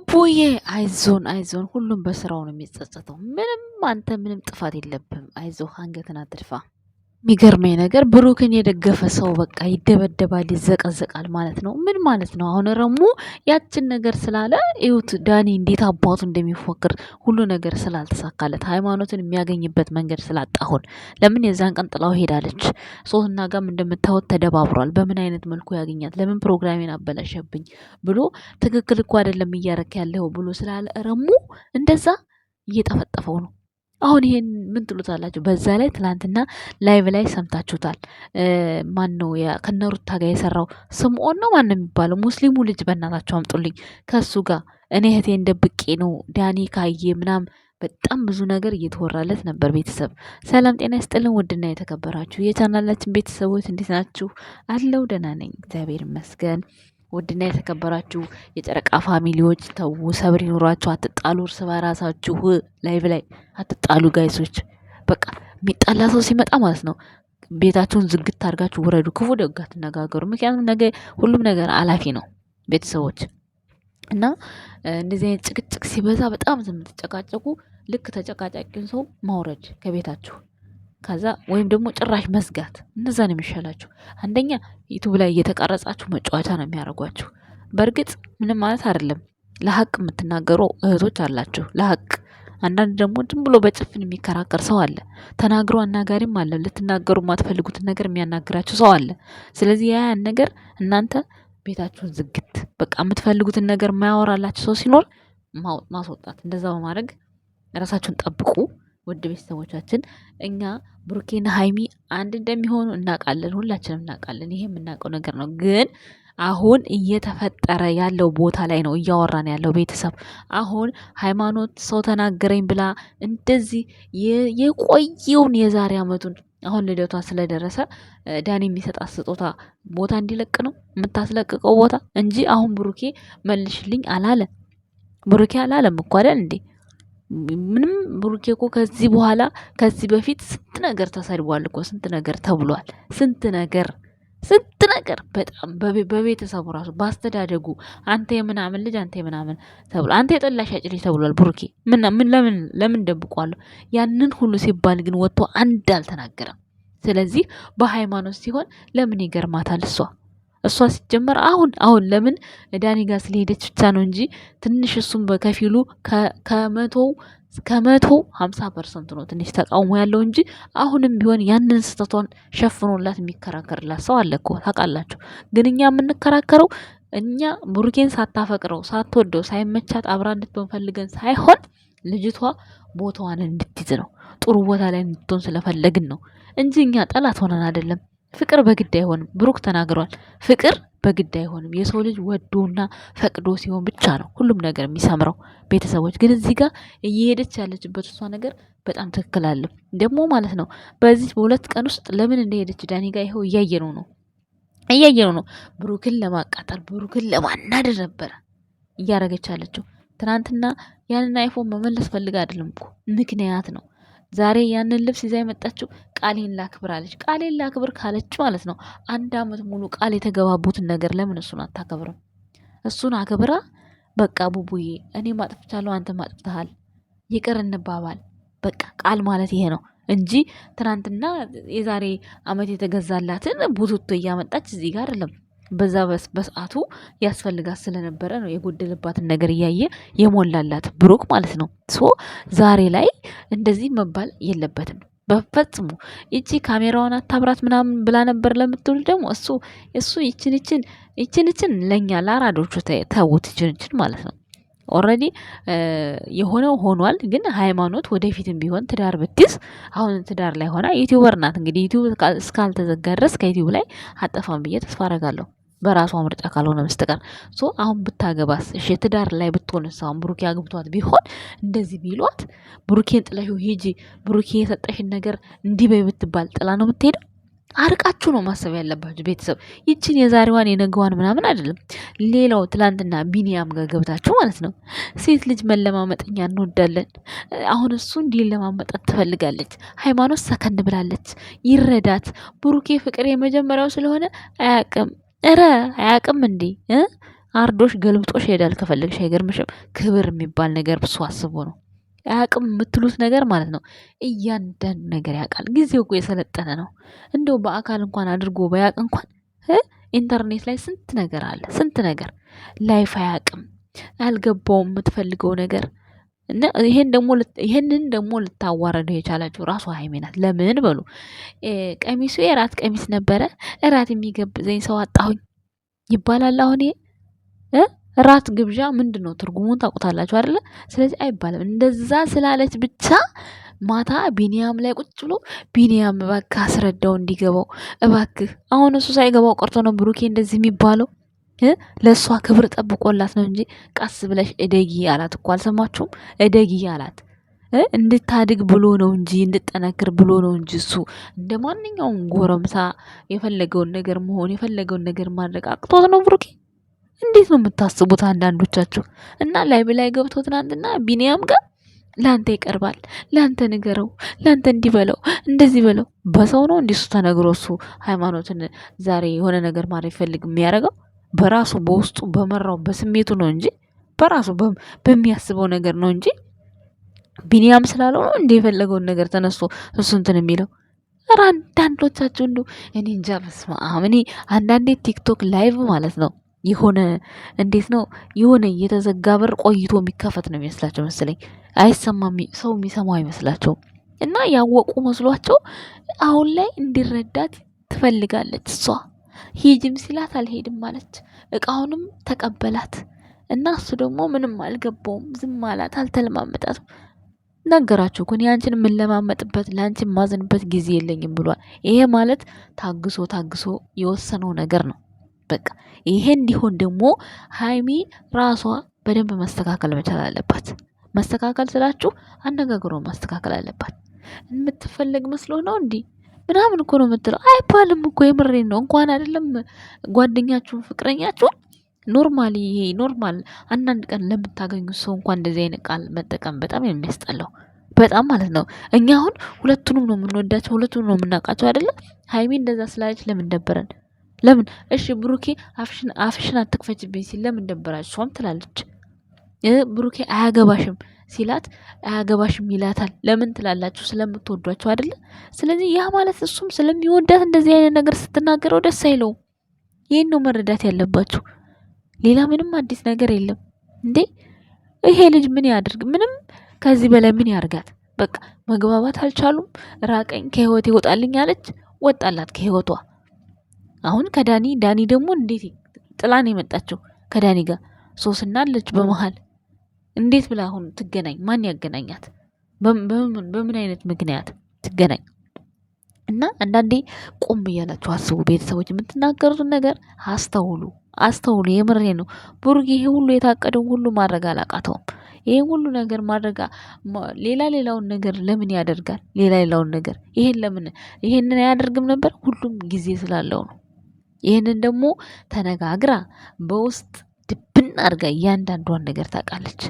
ቡቡዬ አይዞን አይዞን፣ ሁሉም በስራው ነው የሚጸጸተው። ምንም አንተ ምንም ጥፋት የለብም። አይዞህ፣ አንገትን አትድፋ። የሚገርመኝ ነገር ብሩክን የደገፈ ሰው በቃ ይደበደባል፣ ይዘቀዘቃል ማለት ነው። ምን ማለት ነው? አሁን ረሙ ያችን ነገር ስላለ እዩት፣ ዳኒ እንዴት አባቱ እንደሚፎክር ሁሉ ነገር ስላልተሳካለት ሃይማኖትን የሚያገኝበት መንገድ ስላጣሁን ለምን የዛን ቀን ጥላው ሄዳለች? ሶስና ጋም እንደምታወት ተደባብሯል። በምን አይነት መልኩ ያገኛት? ለምን ፕሮግራሜን አበላሸብኝ ብሎ ትክክል እኮ አይደለም እያረክ ያለው ብሎ ስላለ ረሙ እንደዛ እየጠፈጠፈው ነው። አሁን ይሄን ምን ትሉታላችሁ? በዛ ላይ ትላንትና ላይቭ ላይ ሰምታችሁታል። ማን ነው ከነሩታ ጋር የሰራው? ስምዖን ነው ማን ነው የሚባለው? ሙስሊሙ ልጅ በእናታቸው አምጡልኝ። ከሱ ጋር እኔ እህቴን ደብቄ ነው ዳኒ ካዬ ምናም በጣም ብዙ ነገር እየተወራለት ነበር። ቤተሰብ ሰላም ጤና ይስጥልን። ውድና የተከበራችሁ የቻናላችን ቤተሰቦች እንዴት ናችሁ? አለው ደህና ነኝ፣ እግዚአብሔር ይመስገን። ውድና የተከበራችሁ የጨረቃ ፋሚሊዎች ተዉ፣ ሰብር ይኑራችሁ። አትጣሉ፣ እርስ በራሳችሁ ላይቭ ላይ አትጣሉ ጋይሶች። በቃ የሚጣላ ሰው ሲመጣ ማለት ነው ቤታችሁን ዝግት አድርጋችሁ ውረዱ። ክፉ ደጋ ትነጋገሩ። ምክንያቱም ነገ ሁሉም ነገር አላፊ ነው ቤተሰቦች እና እንደዚህ አይነት ጭቅጭቅ ሲበዛ በጣም ስምትጨቃጨቁ ልክ ተጨቃጫቂን ሰው ማውረድ ከቤታችሁ ከዛ ወይም ደግሞ ጭራሽ መዝጋት እነዛ ነው የሚሻላችሁ። አንደኛ ዩቱብ ላይ እየተቀረጻችሁ መጫወቻ ነው የሚያደርጓችሁ። በእርግጥ ምንም ማለት አይደለም። ለሀቅ የምትናገሩ እህቶች አላችሁ፣ ለሀቅ አንዳንድ ደግሞ ዝም ብሎ በጭፍን የሚከራከር ሰው አለ። ተናግሮ አናጋሪም አለ። ልትናገሩ የማትፈልጉትን ነገር የሚያናግራችሁ ሰው አለ። ስለዚህ ያያን ነገር እናንተ ቤታችሁን ዝግት፣ በቃ የምትፈልጉትን ነገር የማያወራላችሁ ሰው ሲኖር ማስወጣት። እንደዛ በማድረግ ራሳችሁን ጠብቁ። ውድ ቤተሰቦቻችን እኛ ብሩኬና ሀይሚ አንድ እንደሚሆኑ እናውቃለን፣ ሁላችንም እናውቃለን። ይሄ የምናውቀው ነገር ነው ግን አሁን እየተፈጠረ ያለው ቦታ ላይ ነው እያወራን ያለው ቤተሰብ። አሁን ሃይማኖት ሰው ተናገረኝ ብላ እንደዚህ የቆየውን የዛሬ አመቱን አሁን ልደቷ ስለደረሰ ዳኒ የሚሰጣት ስጦታ ቦታ እንዲለቅ ነው የምታስለቅቀው ቦታ እንጂ አሁን ብሩኬ መልሽልኝ አላለ። ብሩኬ አላለም እኮ አይደል እንዴ? ምንም ብሩኬ እኮ ከዚህ በኋላ ከዚህ በፊት ስንት ነገር ተሰድቧል እኮ ስንት ነገር ተብሏል። ስንት ነገር ስንት ነገር በጣም በቤተሰቡ ራሱ ባስተዳደጉ አንተ የምናምን ልጅ አንተ የምናምን ተብሎ አንተ የጠላሽ አጭ ልጅ ተብሏል። ብሩኬ ምን ለምን ለምን ደብቋለሁ? ያንን ሁሉ ሲባል ግን ወጥቶ አንድ አልተናገረም። ስለዚህ በሃይማኖት ሲሆን ለምን ይገርማታል እሷ እሷ ሲጀመር አሁን አሁን ለምን ዳኒ ጋር ስለሄደች ብቻ ነው እንጂ ትንሽ እሱም በከፊሉ ከመቶ ከመቶ ሀምሳ ፐርሰንት ነው ትንሽ ተቃውሞ ያለው እንጂ አሁንም ቢሆን ያንን ስህተቷን ሸፍኖላት የሚከራከርላት ሰው አለ እኮ ታውቃላችሁ። ግን እኛ የምንከራከረው እኛ ቡርኬን ሳታፈቅረው ሳትወደው ሳይመቻት አብራ እንድትሆን ፈልገን ሳይሆን ልጅቷ ቦታዋን እንድትይዝ ነው፣ ጥሩ ቦታ ላይ እንድትሆን ስለፈለግን ነው እንጂ እኛ ጠላት ሆነን አይደለም። ፍቅር በግድ አይሆንም። ብሩክ ተናግሯል። ፍቅር በግድ አይሆንም። የሰው ልጅ ወዶና ፈቅዶ ሲሆን ብቻ ነው ሁሉም ነገር የሚሰምረው። ቤተሰቦች ግን እዚህ ጋር እየሄደች ያለችበት እሷ ነገር በጣም ትክክል አለ ደግሞ ማለት ነው። በዚህ በሁለት ቀን ውስጥ ለምን እንደሄደች ዳኒ ጋር ይኸው እያየነው ነው እያየነው ነው። ብሩክን ለማቃጠል ብሩክን ለማናደድ ነበረ እያረገች ያለችው። ትናንትና ያንን አይፎን መመለስ ፈልጋ አይደለም እኮ ምክንያት ነው ዛሬ ያንን ልብስ ይዛ የመጣችው ቃሌን ላክብር አለች። ቃሌን ላክብር ካለች ማለት ነው አንድ አመት ሙሉ ቃል የተገባቡትን ነገር ለምን እሱን አታከብርም? እሱን አክብራ በቃ ቡቡዬ እኔ ማጥፍቻለሁ፣ አንተ ማጥፍተሃል፣ ይቅር እንባባል። በቃ ቃል ማለት ይሄ ነው እንጂ ትናንትና የዛሬ አመት የተገዛላትን ቡትቶ እያመጣች እዚህ ጋር አይደለም። በዛ በሰዓቱ ያስፈልጋት ስለነበረ ነው የጎደለባትን ነገር እያየ የሞላላት ብሩክ ማለት ነው። ሶ ዛሬ ላይ እንደዚህ መባል የለበትም በፈጽሙ። ይቺ ካሜራዋን አታብራት ምናምን ብላ ነበር ለምትውል ደግሞ እሱ እሱ ይችንችን ይችን ይችን ለእኛ ለአራዶቹ ተውት፣ ይችንችን ማለት ነው። ኦልሬዲ የሆነው ሆኗል። ግን ሃይማኖት ወደፊትም ቢሆን ትዳር ብትይዝ አሁን ትዳር ላይ ሆና ዩቲዩበር ናት። እንግዲህ ዩቲዩብ እስካልተዘጋ ድረስ ከዩቲዩብ ላይ አጠፋም ብዬ ተስፋ አረጋለሁ። በራሷ ምርጫ ካልሆነ በስተቀር ሶ አሁን ብታገባስ? እሺ ትዳር ላይ ብትሆን አሁን ብሩኬ አግብቷት ቢሆን እንደዚህ ቢሏት ብሩኬን ጥለሽው ሂጂ፣ ብሩኬ የሰጠሽን ነገር እንዲህ በይ ብትባል ጥላ ነው የምትሄደው? አርቃችሁ ነው ማሰብ ያለባችሁ ቤተሰብ። ይችን የዛሬዋን የነገዋን ምናምን አይደለም። ሌላው ትላንትና ቢኒያም ጋር ገብታችሁ ማለት ነው። ሴት ልጅ መለማመጠኛ እንወዳለን። አሁን እሱ እንዲለማመጠት ትፈልጋለች። ሃይማኖት ሰከን ብላለች። ይረዳት ብሩኬ ፍቅር የመጀመሪያው ስለሆነ አያቅም እረ አያውቅም እንዴ አርዶሽ ገልብጦሽ ይሄዳል ከፈለግሽ አይገርምሽም? ክብር የሚባል ነገር ብሱ አስቦ ነው አያውቅም የምትሉት ነገር ማለት ነው። እያንዳንዱ ነገር ያውቃል። ጊዜው እኮ የሰለጠነ ነው። እንደው በአካል እንኳን አድርጎ ባያውቅ እንኳን ኢንተርኔት ላይ ስንት ነገር አለ። ስንት ነገር ላይፍ አያውቅም። አልገባውም የምትፈልገው ነገር እና ደግሞ ይሄንን ደግሞ ልታዋረደው የቻላችሁ ራሱ ሀይሜ ናት። ለምን በሉ ቀሚሱ የራት ቀሚስ ነበረ። እራት የሚገብዘኝ ሰው አጣሁኝ ይባላል። አሁን ራት ግብዣ ምንድን ነው? ትርጉሙን ታውቁታላችሁ አይደለ? ስለዚህ አይባልም። እንደዛ ስላለች ብቻ ማታ ቢኒያም ላይ ቁጭ ብሎ ቢኒያም እባክህ አስረዳው እንዲገባው እባክህ። አሁን እሱ ሳይገባው ቀርቶ ነው ብሩኬ እንደዚህ የሚባለው። ለእሷ ክብር ጠብቆላት ነው እንጂ ቀስ ብለሽ እደጊ አላት እኮ አልሰማችሁም? እደጊ አላት። እንድታድግ ብሎ ነው እንጂ እንድጠነክር ብሎ ነው እንጂ እሱ እንደ ማንኛውም ጎረምሳ የፈለገውን ነገር መሆን የፈለገውን ነገር ማድረግ አቅቶት ነው ብሩኬ። እንዴት ነው የምታስቡት አንዳንዶቻችሁ? እና ላይ በላይ ገብቶ ትናንትና ቢኒያም ጋር ለአንተ ይቀርባል፣ ለአንተ ንገረው፣ ለአንተ እንዲበለው እንደዚህ በለው። በሰው ነው እንዲሱ ተነግሮ እሱ ሃይማኖትን ዛሬ የሆነ ነገር ማድረግ ይፈልግ የሚያደርገው በራሱ በውስጡ በመራው በስሜቱ ነው እንጂ በራሱ በሚያስበው ነገር ነው እንጂ ቢኒያም ስላለው ነው እንደ የፈለገውን ነገር ተነስቶ እሱ እንትን የሚለው። ኧረ አንዳንዶቻችሁ እንዱ እኔ እንጃ በስመ አብ። እኔ አንዳንዴ ቲክቶክ ላይቭ ማለት ነው የሆነ እንዴት ነው የሆነ የተዘጋ በር ቆይቶ የሚከፈት ነው የሚመስላቸው መሰለኝ። አይሰማም፣ ሰው የሚሰማው አይመስላቸውም። እና ያወቁ መስሏቸው አሁን ላይ እንዲረዳት ትፈልጋለች እሷ። ሂጅም ሲላት አልሄድም አለች። እቃውንም ተቀበላት እና እሱ ደግሞ ምንም አልገባውም። ዝም አላት፣ አልተለማመጣትም። ነገራቸው እኮ አንቺን የምለማመጥበት ለአንቺ የማዝንበት ጊዜ የለኝም ብሏል። ይሄ ማለት ታግሶ ታግሶ የወሰነው ነገር ነው። በቃ ይሄ እንዲሆን ደግሞ ሀይሚ ራሷ በደንብ መስተካከል መቻል አለባት። መስተካከል ስላችሁ አነጋግሮ ማስተካከል አለባት። የምትፈለግ መስሎ ነው እንዲህ ምናምን እኮ ነው የምትለው። አይባልም እኮ የምሬ ነው። እንኳን አይደለም ጓደኛችሁን፣ ፍቅረኛችሁን ኖርማል ይሄ ኖርማል አንዳንድ ቀን ለምታገኙ ሰው እንኳን እንደዚህ አይነት ቃል መጠቀም በጣም የሚያስጠላው በጣም ማለት ነው። እኛ አሁን ሁለቱንም ነው የምንወዳቸው፣ ሁለቱንም ነው የምናውቃቸው አይደለም ሀይሚ እንደዛ ስላለች ለምን ደበረን? ለምን እሺ ብሩኬ አፍሽን አትክፈችብኝ ሲል ለምን ደበራችሁ? እሷም ትላለች ብሩኬ አያገባሽም ሲላት አያገባሽም ይላታል። ለምን ትላላችሁ? ስለምትወዷቸው አይደለ? ስለዚህ ያ ማለት እሱም ስለሚወዳት እንደዚህ አይነት ነገር ስትናገረው ደስ አይለውም። ይህን ነው መረዳት ያለባችሁ። ሌላ ምንም አዲስ ነገር የለም እንዴ። ይሄ ልጅ ምን ያድርግ? ምንም ከዚህ በላይ ምን ያርጋት? በቃ መግባባት አልቻሉም። ራቀኝ፣ ከህይወት ይወጣልኝ አለች። ወጣላት ከህይወቷ። አሁን ከዳኒ ዳኒ ደግሞ እንዴት ጥላን የመጣችው ከዳኒ ጋር ሶስና አለች በመሀል እንዴት ብላ አሁን ትገናኝ? ማን ያገናኛት? በምን አይነት ምክንያት ትገናኝ? እና አንዳንዴ ቆም እያላችሁ አስቡ ቤተሰቦች፣ የምትናገሩትን ነገር አስተውሉ፣ አስተውሉ። የምሬ ነው። ብሩክ ይሄ ሁሉ የታቀደው ሁሉ ማድረግ አላቃተውም። ይሄን ሁሉ ነገር ማድረግ ሌላ ሌላውን ነገር ለምን ያደርጋል? ሌላ ሌላውን ነገር ይሄን ለምን ይሄንን አያደርግም ነበር? ሁሉም ጊዜ ስላለው ነው። ይህንን ደግሞ ተነጋግራ በውስጥ ድብን አድርጋ እያንዳንዷን ነገር ታውቃለች።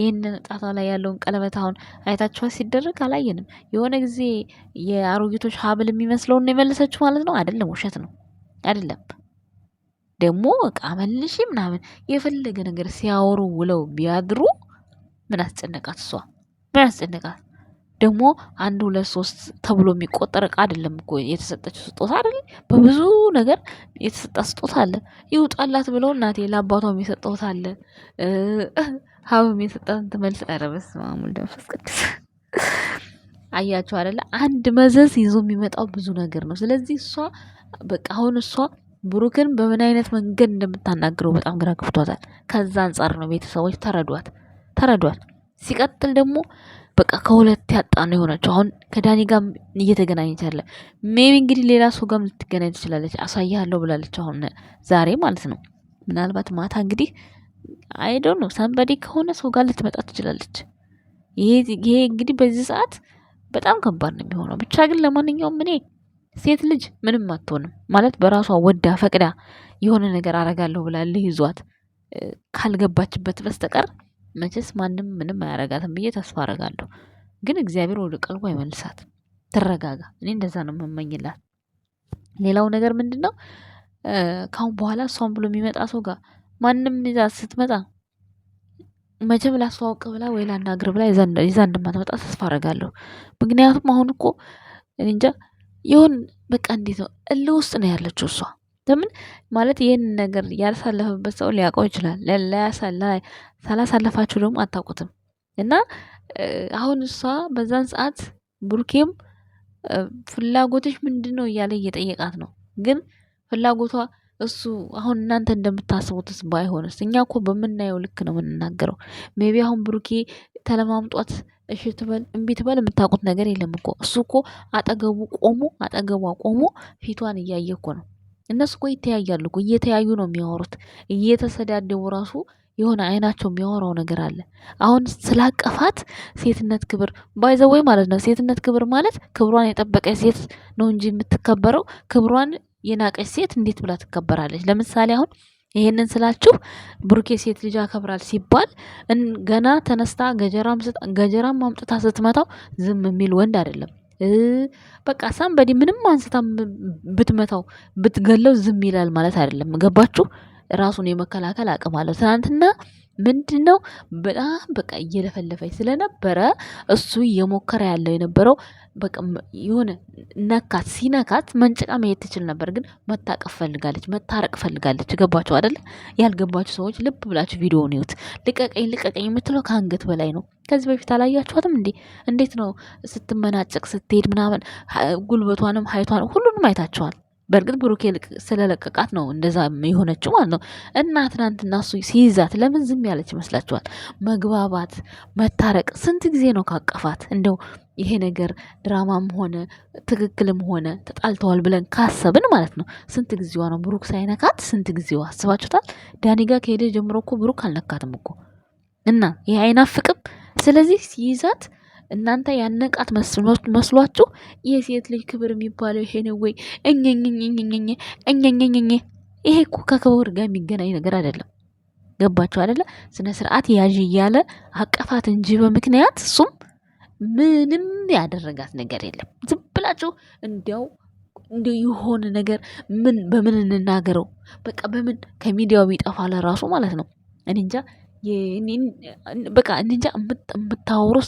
ይህንን ጣቷ ላይ ያለውን ቀለበት አሁን አይታችኋት ሲደረግ አላየንም። የሆነ ጊዜ የአሮጊቶች ሀብል የሚመስለውን የመለሰችው ማለት ነው። አይደለም፣ ውሸት ነው አይደለም። ደግሞ እቃ መልሽ ምናምን የፈለገ ነገር ሲያወሩ ውለው ቢያድሩ ምን አስጨነቃት? እሷ ምን አስጨነቃት? ደግሞ አንድ ሁለት ሶስት ተብሎ የሚቆጠር እቃ አይደለም እኮ የተሰጠችው ስጦታ አይደል? በብዙ ነገር የተሰጣ ስጦታ አለ። ይውጣላት ብለው እናቴ ለአባቷም የሰጠሁት አለ። ሀብም የሰጣትን ትመልስ። ኧረ በስመ አብ ወወልድ ወመንፈስ ቅዱስ። አያችሁ አይደለ? አንድ መዘዝ ይዞ የሚመጣው ብዙ ነገር ነው። ስለዚህ እሷ በቃ አሁን እሷ ብሩክን በምን አይነት መንገድ እንደምታናግረው በጣም ግራ ገብቷታል። ከዛ አንጻር ነው ቤተሰቦች ተረዷት፣ ተረዷት። ሲቀጥል ደግሞ በቃ ከሁለት ያጣ ነው የሆነችው። አሁን ከዳኒ ጋር እየተገናኘች አለ። ሜቢ እንግዲህ ሌላ ሰው ጋርም ልትገናኝ ትችላለች። አሳያለሁ ብላለች፣ አሁን ዛሬ ማለት ነው። ምናልባት ማታ እንግዲህ ዶንት ኖ ሰንበዴ ከሆነ ሰው ጋር ልትመጣ ትችላለች። ይሄ ይሄ እንግዲህ በዚህ ሰዓት በጣም ከባድ ነው የሚሆነው። ብቻ ግን ለማንኛውም እኔ ሴት ልጅ ምንም አትሆንም ማለት በራሷ ወዳ ፈቅዳ የሆነ ነገር አረጋለሁ ብላ ይዟት ካልገባችበት በስተቀር መቼስ ማንም ምንም አያረጋትም ብዬ ተስፋ አረጋለሁ። ግን እግዚአብሔር ወደ ቀልቧ አይመልሳት፣ ትረጋጋ። እኔ እንደዛ ነው የምመኝላት። ሌላው ነገር ምንድን ነው? ካሁን በኋላ እሷን ብሎ የሚመጣ ሰው ጋር ማንም ይዛ ስትመጣ መቼም ላስተዋውቅ ብላ ወይ ላናግር ብላ ይዛ እንደማትመጣ ተስፋ አደርጋለሁ። ምክንያቱም አሁን እኮ እንጃ ይሁን በቃ እንዴት ነው እልህ ውስጥ ነው ያለችው እሷ። ለምን ማለት ይህን ነገር ያልሳለፈበት ሰው ሊያውቀው ይችላል። ሳላሳለፋችሁ ደግሞ አታውቁትም። እና አሁን እሷ በዛን ሰዓት ብሩኬም ፍላጎትሽ ምንድን ነው እያለ እየጠየቃት ነው። ግን ፍላጎቷ እሱ አሁን እናንተ እንደምታስቡትስ ባይሆንስ? እኛ እኮ በምናየው ልክ ነው የምንናገረው። ሜቢ አሁን ብሩኬ ተለማምጧት እሺ ትበል እምቢ ትበል የምታውቁት ነገር የለም እኮ እሱ እኮ አጠገቡ ቆሞ አጠገቧ ቆሞ ፊቷን እያየ እኮ ነው። እነሱ እኮ ይተያያሉ እኮ እየተያዩ ነው የሚያወሩት። እየተሰዳደቡ ራሱ የሆነ አይናቸው የሚያወራው ነገር አለ። አሁን ስላቀፋት ሴትነት ክብር ባይዘወይ ማለት ነው። ሴትነት ክብር ማለት ክብሯን የጠበቀ ሴት ነው እንጂ የምትከበረው ክብሯን የናቀች ሴት እንዴት ብላ ትከበራለች? ለምሳሌ አሁን ይሄንን ስላችሁ ብሩኬ ሴት ልጅ አከብራል ሲባል ገና ተነስታ ገጀራም አምጥታ ስትመታው ዝም የሚል ወንድ አይደለም። በቃ በዲ ምንም አንስታ ብትመታው ብትገለው ዝም ይላል ማለት አይደለም። ገባችሁ? ራሱን የመከላከል አቅም አለው። ትናንትና ምንድነው በጣም በቃ እየለፈለፈች ስለነበረ እሱ እየሞከረ ያለው የነበረው በቃ የሆነ ነካት። ሲነካት መንጭቃ መሄድ ትችል ነበር፣ ግን መታቀፍ ፈልጋለች፣ መታረቅ ፈልጋለች። ገባችሁ አደለ? ያልገባችሁ ሰዎች ልብ ብላችሁ ቪዲዮውን ይዩት። ልቀቀኝ ልቀቀኝ የምትለው ከአንገት በላይ ነው። ከዚህ በፊት አላያችኋትም እንዴ? እንዴት ነው ስትመናጨቅ ስትሄድ ምናምን ጉልበቷንም ሀይቷን ሁሉንም አይታችኋል። በእርግጥ ብሩኬ ስለለቀቃት ነው እንደዛ የሆነችው ማለት ነው። እና ትናንትና እሱ ሲይዛት ለምን ዝም ያለች ይመስላችኋል? መግባባት፣ መታረቅ ስንት ጊዜ ነው ካቀፋት? እንደው ይሄ ነገር ድራማም ሆነ ትክክልም ሆነ ተጣልተዋል ብለን ካሰብን ማለት ነው ስንት ጊዜዋ ነው ብሩክ ሳይነካት? ስንት ጊዜዋ አስባችሁታል? ዳኒ ጋር ከሄደ ጀምሮ እኮ ብሩክ አልነካትም እኮ እና ይሄ አይናፍቅም። ስለዚህ ሲይዛት እናንተ ያነቃት መስሏችሁ የሴት ልጅ ክብር የሚባለው ይሄ ነው ወይ? እኛኛኛኛኛኛኛኛኛ ይሄ እኮ ከክብር ጋር የሚገናኝ ነገር አይደለም። ገባችሁ አይደለ? ስነ ስርዓት ያዥ እያለ አቀፋት እንጂ በምክንያት እሱም ምንም ያደረጋት ነገር የለም። ዝም ብላችሁ እንዲያው እንዲ የሆነ ነገር ምን በምን እንናገረው? በቃ በምን ከሚዲያው ቢጠፋ ለራሱ ማለት ነው እኔ እንጃ። በቃ እንጃ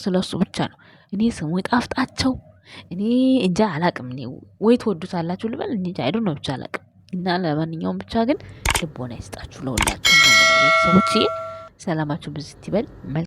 ስለሱ ብቻ ነው። እኔ ስሙ ይጣፍጣቸው እኔ እንጃ አላውቅም። እኔ ወይ ትወዱታላችሁ ልበል እንጃ አይዶ ነው ብቻ አላውቅም። እና ለማንኛውም ብቻ ግን ልቦና ይስጣችሁ ለሁላችሁ ሰላማችሁ ብዝት ይበል።